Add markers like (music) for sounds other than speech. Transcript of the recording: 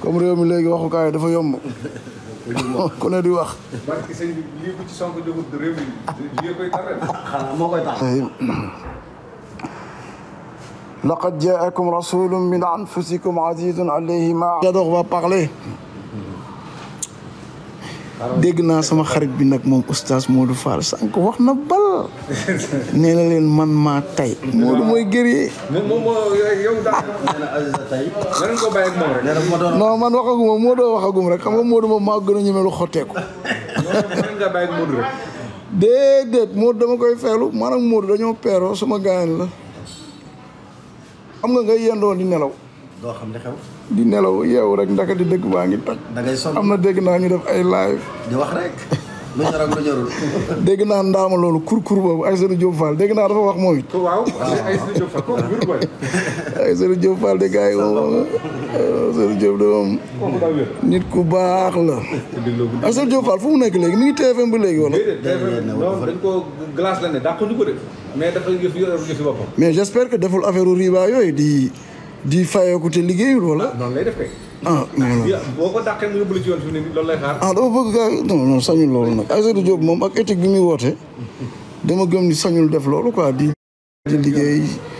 comme réew mi léegi waxukaay dafa yomb. ku ne di wax. barki sëñ bi lii ku ci Sonko jógul réew mi lii koy taxawal. xanaa moo koy tax. لقد جاءكم رسول من أنفسكم عزيز عليه ما on va parler dégg naa sama xarit bi nag moom oustaz Modou Fall sànq wax na bal (laughs) nee na leen man maa tay Modou mooy gëree moom moo yow daal tay ngeen ko bàyyi ak moom rek non man waxaguma Modou waxagum rek xam nga Modou moom maa gën a ñeme lu (laughs) nga Modou rek déedéet Modou dama koy feelu ak Modou dañoo peeroo sama gaayan la xam nga ngay yendoo di nelaw doo xam li xew. di nelaw yow rek ndaka di dëkk baa ngi toj. da ngay sonn ñu def ay live. di wax rek. lu ñor lu ñorul. dégg naa ndaama Ik kurkur boobu Aïssatou Diop Fall dégg dafa wax moom waaw Aïssatou Diop Fall kooku wér booy. de gars yi moom Aïssatou de nit ku baax la. Aïssatou Diop fu mu nekk léegi mi ngi TFM Ik léegi wala. TFM ko glace la ne daa ko ñu ko mais dafa yëf yëf boppam. mais j'espère que deful affaire riba di. di fayeeku te liggéeyul wala. ah, ah boo ci yoon fi ne loolu lay ah, bëgg gaa non sañul loolu nag Aïssatou Diop moom ak éthique bi muy woote dama gëm sañul def loolu quoi di. di (laughs) liggéey.